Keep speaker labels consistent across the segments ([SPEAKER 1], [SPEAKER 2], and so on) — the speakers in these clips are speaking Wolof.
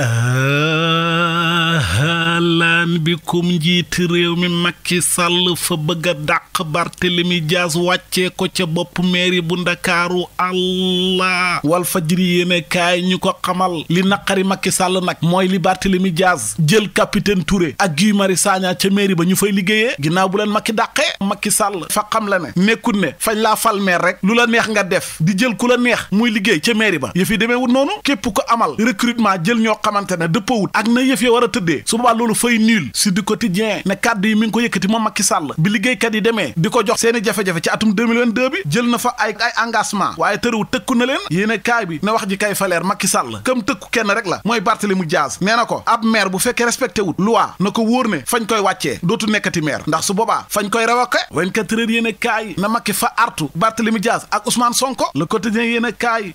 [SPEAKER 1] ah waxtaan bi kum njiiti réew mi Macky Sall fa bëgg a dàq Barthélemy Dias wàccee ko ca bopp mairie bu ndakaaru allah wal fajri yéene kaay ñu ko xamal li naqari Macky Sall nag mooy li Barthélemy Dias jël capitaine Touré ak Guy Marius Sagna ca mairie ba ñu fay liggéeyee ginnaaw bu leen makki dàqee Macky Sall fa xamle la ne nekkut ne fañ laa fal maire rek lu la neex nga def di jël ku la neex muy liggéey ca mairie ba yëf yi demeewut noonu képp ko amal recrutement jël ñoo xamante ne dëppawut ak na yëf ya war a tëddee su boobaa loolu fay nul si du quotidien ne kàddu yi mi ngi ko yëkkati moom Macky Sall bi liggéeykat yi demee di ko jox seeni jafe-jafe ci atum 2022 bi jël na fa ay ay engagement waaye tëriwu tëkku na leen yéen kaay bi ne wax ji kay faleer Macky Sall comme tëkku kenn rek la mooy Barthélemy Diaz nee na ko ab maire bu fekkee respecté wut loi na ko wóor ne fañ koy wàccee dootu nekkati maire ndax su boobaa fañ koy rewake 24 heures yéen a kaay na Macky fa artu Barthélemy Diaz ak Ousmane Sonko a kaay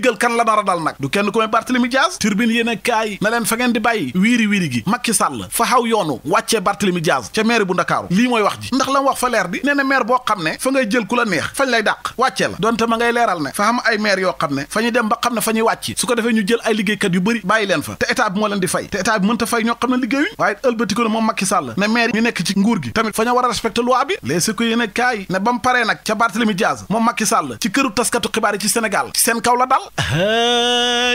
[SPEAKER 1] a na du kenn ku may Barthélemy Diaz turbine yéen a kaay na leen fa ngeen di bàyyi wiiri wiiri gi Macky Sall fa xaw yoonu wàccee Barthélemy Diaz ca maire bu Ndakaaru lii mooy wax ji ndax la mu wax fa leer di nee na maire boo xam ne fa ngay jël ku la neex fañ lay dàq wàccee la donte ma ngay leeral ne fa xam ay maire yoo xam ne fa ñuy dem ba xam ne fa ñuy wàcc su ko defee ñu jël ay liggéeykat yu bëri bàyyi leen fa te état bi moo leen di fay te état bi mënta fay ñoo xam ne liggéeyuñ waaye ëlbati ko ne moom Macky a respecté loi bi les si ko a kaay ne seen kaw la dal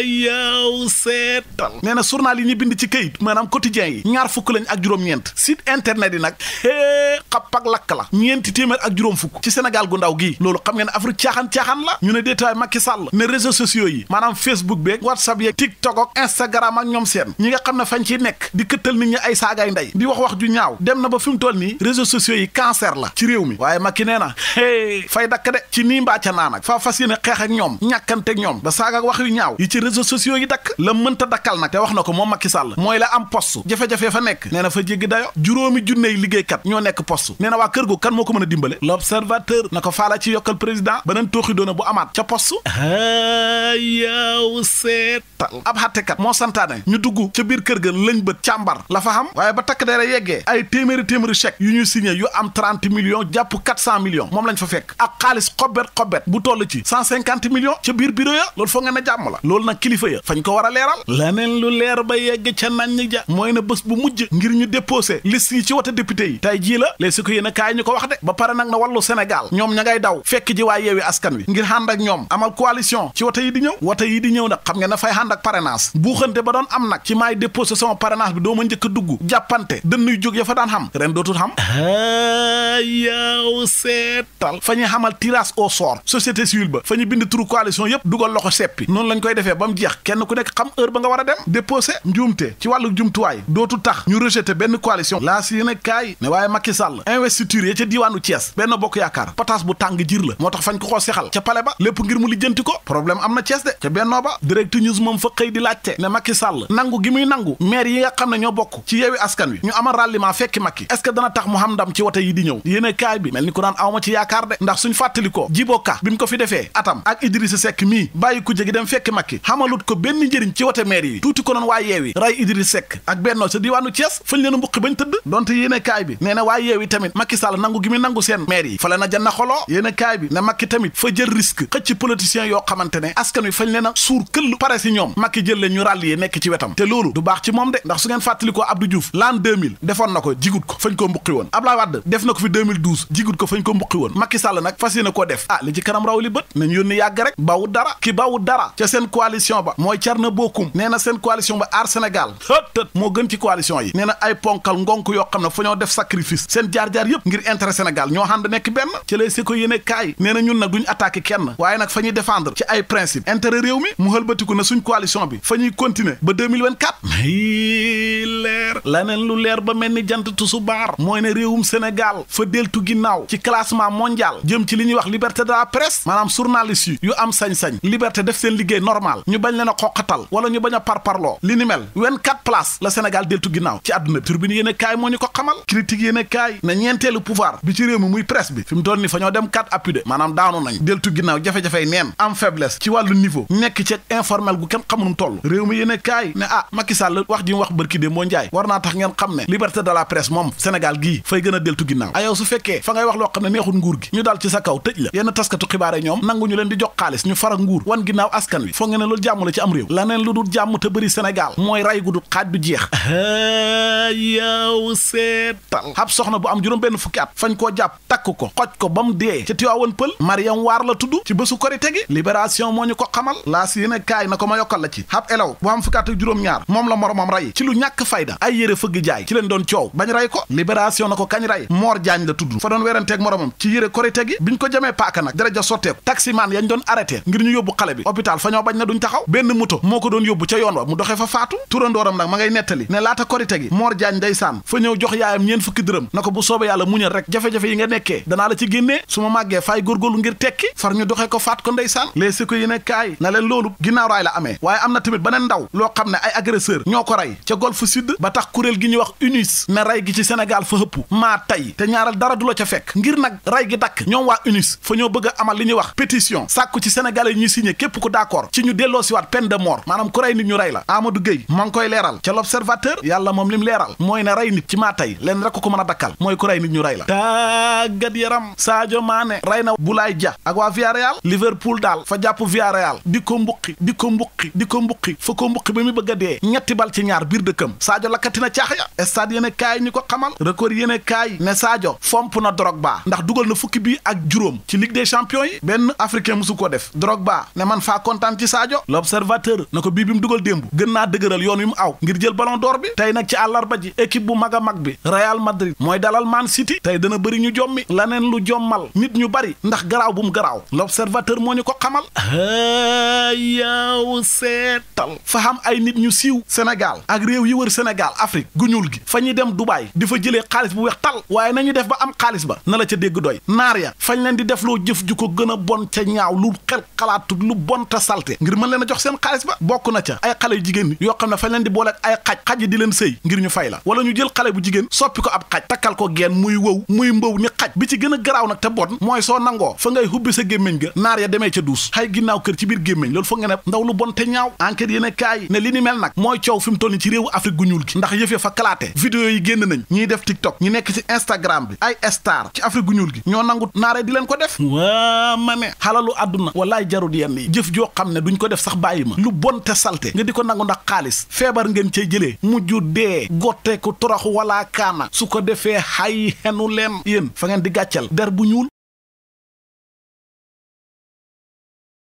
[SPEAKER 1] yow seetal nee na journal yi ñu bind ci këyit maanaam quotidien yi ñaar fukk lañ ak juróom-ñeent site internet yi nag xée xapp lakk la ñeenti téeméer ak juróom fukk ci Sénégal gu ndaw gii loolu xam ngeen Afrique caaxaan-caaxaan la ñu ne détail Macky Sall ne réseaux sociaux yi maanaam Facebook beeg WhatsApp yeeg TikTok ak Instagram ak ñoom seen ñi nga xam ne fañ ci nekk di këttal nit ñi ay saagaay ndey di wax wax ju ñaaw dem na ba fi mu toll nii réseaux sociaux yi cancer la ci réew mi waaye Macky nee na fay dakk de ci naa nag faa fas yéene ak ñoom ñàkkante ñoom yi ci réseaux sociaux yi dakk la mënta dakkal nag te wax na ko moom Macky Sall mooy la am poste jafe-jafe fa nekk nee na fa jéggi dayo juróomi junney liggéeykat ñoo nekk post nee na waa kër gu kan moo ko mën a dimbale l'observateur na ko faala ci yokkal président beneen tooxi doona bu amaat ca poste yaaw seetal ab xattekat moo santaane ñu dugg ca biir kër ga lañ bët càmbar la fa xam waaye ba takk dara yeggee ay téeméeri téeméeri chèque yu ñu signé yu am jàpp quatre cent millions moom lañ fa fekk ak xaalis xobet xobet bu toll ci cent cinquante millions ca biir loolu nag kilifa ya fañ ko war a leeral laneen lu leer ba yegg ca nañ ja mooy na bës bu mujj ngir ñu déposé liste yi ci wote député yi tey jii la les si ko yéen a ñu ko wax de ba pare nag na wàllu Sénégal ñoom ña ngay daw fekk ji waa yeewi askan wi ngir ànd ak ñoom amal coalition ci wote yi di ñëw wote yi di ñëw nag xam nga na fay ànd ak parrainage buuxante ba doon am nag ci maay déposé sama parrainage bi doo ma njëkk a dugg jàppante dënnuy jóg ya fa daan xam ren dootul xam ah, yaaw seetal fa ñuy xamal tirage au sort société civile ba fa ñu bind turu coalition yépp dugal loxo seppi noonu lañ koy def defee ba mu jeex kenn ku nekk xam heure ba nga war a dem déposé njuumte ci wàllu jumtuwaay dootu tax ñu rejeté benn coalition laa si yéene kaay ne waaye Macky Sall investiture ya diiwaanu Thiès benn bokk yaakaar pataas bu tàng jir la moo tax fañ ko ko sexal ca pale ba lépp ngir mu lijjanti ko problème am na Thiès de ca bennoo ba direct news moom fa xëy di laajte ne Macky Sall nangu gi nangu maire yi nga xam ne ñoo bokk ci yeewi askan wi ñu amal Macky ko benn njëriñ ci wote maire yi tuuti ko noon waa yeewi ray Idriss Seck ak bennoo sa diiwaanu Thiès fañ leen mbuqi bañ tëdd donte yéene kaay bi nee waa yeewi tamit Macky Sall nangu gi mu nangu seen maire yi fale na janna xoloo yéene kaay bi ne Macky tamit fa jël risque xëcc politiciens yoo xamante ne askan wi fañ leen a suur këll pare si ñoom Macky jël leen ñu ràlliye nekk ci wetam te loolu du baax ci moom de ndax su ngeen fàttali ko Abdou Diouf l'an ko jigut ko fañ ko mbuqi woon ko fi 2012 jigut ko fañ ko mbuqi woon Macky Sall nag fas yéene koo def ah coalition ba mooy Thierno Bocoum nee na seen coalition ba aar Sénégal xëttët moo gën ci coalition yi nee na ay ponkal ngonk yoo xam ne fa ñoo def sacrifice seen jaar-jaar yëpp ngir intérêt Sénégal ñoo xam ne nekk benn ci lay si ko kaay nee na ñun nag duñu attaqué kenn waaye nag fa ñuy défendre ci ay principe intérêt réew mi mu xëlbatiku na suñ coalition bi fa ñuy continuer ba may leer laneen lu leer ba mel ni jant tusu baar mooy ne réewum Sénégal fa deltu ginnaaw ci classement mondial jëm ci li ñuy wax liberté de la presse maanaam journalistes yi am sañ-sañ liberté def seen liggéey normal national ñu bañ leen a xoqatal wala ñu bañ a parparloo li ni mel wen quatre la Sénégal deltu ginnaaw ci àdduna bi turbine yéen kaay moo ñu ko xamal critique yéen kaay ne ñeenteelu pouvoir bi ci réew mi muy presse bi fi mu ni fa ñoo dem quatre appude maanaam daanu nañ deltu ginnaaw jafe-jafey neen am faiblesse ci wàllu niveau nekk ci informel gu kenn xamunum toll réew mi yéen kaay ne ah Macky Sall wax ji wax bërki dee njaay war naa tax ngeen xam ne nga ne loolu jàmm la ci am réew laneen lu dul mooy ray gu dul xaaj du jeex yow seetal ab soxna bu am juróom benn fukki at koo jàpp takk ko xoj ko ba mu dee ci Tiwaawan pël Mariam Waar la tudd ci bésu korite gi libération moo ñu ko xamal na ko ma yokkal la ci ab elaw bu am fukki at juróom-ñaar moom la moromam ray ci lu ñàkk fayda ay yére fëgg jaay ci leen doon coow bañ ray ko libération na ko kañ ray Mor Jaañ la tudd fa doon weranteeg moromam ci yére korite gi biñ ko jamee paaka nag dara ja sotteeku taximaan yañ doon arrêté ngir ñu yóbbu xale bi hôpital fa ñoo bañ ne duñ taxaw benn moto moo ko doon yóbbu ca yoon wa mu doxee fa faatu turandooram nag ma ngay nettali ne laata korite gi Mor ndeysaan fa ñëw jox yaayam ñeen fukki dërëm na ko bu soobee yàlla muñal rek jafe-jafe yi nga nekkee danaa la ci génnee su ma màggee fay góorgóorlu ngir tekki far ñu doxee ko faat ko ndeysaan les si ko yi ne kaay na leen loolu ginnaaw raay la amee waaye am na tamit beneen ndaw loo xam ne ay agresseur ñoo ko rey ca golfe sud gi ñuy wax UNIS gi ci Sénégal fa hëpp maa tey te ñaaral dara du la ca fekk ngir nag rey gi dakk ñoom waa UNIS fa bëgg a li ñuy wax pétition sàkku ci Sénégal yi ñuy signé képp ku d'accord ci delloo siwaat peine de mort maanaam ku rey nit ñu rey la Amadou Gueye ma ngi koy leeral ca l'observateur yàlla moom li mu leeral mooy ne rey nit ci maa tey leen rek ko mën a dakkal mooy ku rey nit ñu rey la tàggat yaram Sadio Mané rey na Boulaye Dia ak waa Villarreal Liverpool daal fa jàpp Villarreal di ko mbuqi di ko mbuqi di ko mbuqi fa ko mbuqi ba mi bëgg a dee ñetti bal ci ñaar biir dëkkam Sadio lakkati na caax ya stade yéen kaay ñu ko xamal record yéen kaay ne Sadio fomp na Drogba ndax dugal na fukki bi ak juróom ci Ligue des Champions yi benn africain musu def aajo l'observateur na ko bii bi mu dugal démb gën naa dëgëral yoon wi mu aw ngir jël ballon d'or bi tey nag ci àllarba ji équipe bu mag a mag bi Real Madrid mooy dalal Man City tey dana bëri ñu jommi laneen lu jommal nit ñu bari ndax garaaw bu mu garaaw l'observateur moo ñu ko xamal yaw seetal fa ay nit ñu siiw Sénégal ak réew yi wër Sénégal Afrique gu ñuul gi fa ñuy dem Dubaay di fa jëlee xaalis bu weex tal waaye nañu def ba am xaalis ba na la ca dégg doy naar ya fañ leen di def loo jëf ju ko gën a bon ca ñaaw lu xel lu bon ta mën leen a jox seen xaalis ba bokk na ca ay xale yu jigéen yoo xam ne fañ leen di boole ak ay xaj xaj yi di leen sëy ngir ñu fay la wala ñu jël xale bu jigéen soppi ko ab xaj takkal ko geen muy wow muy mbaw ni xaj bi ci gën a garaaw nag te bon mooy soo nangoo fa ngay hubbi sa gémmiñ ga naar ya demee ca duus xay ginnaaw kër ci biir gémmiñ loolu fa nga ndaw lu bon te ñaaw enquête yéen kaay ne li ni mel nag mooy coow fi mu toll ni ci réewu Afrique gu ñuul gi ndax yëf ya fa yi génn nañ ñiy def TikTok ñi nekk ci bi ay star ci Afrique gu ñuul gi ñoo nangu naare di leen ko def waa ma ne xalalu àdduna wallaay jarul jëf joo xam ne duñ ko ko def sax bàyyi ma lu bonte te salte nga di ko nangu ndax xaalis feebar ngeen cay jëlee mujj dee ko torox wala kaana su ko defee xay xenu leen yéen fa ngeen di gàccal der bu ñuul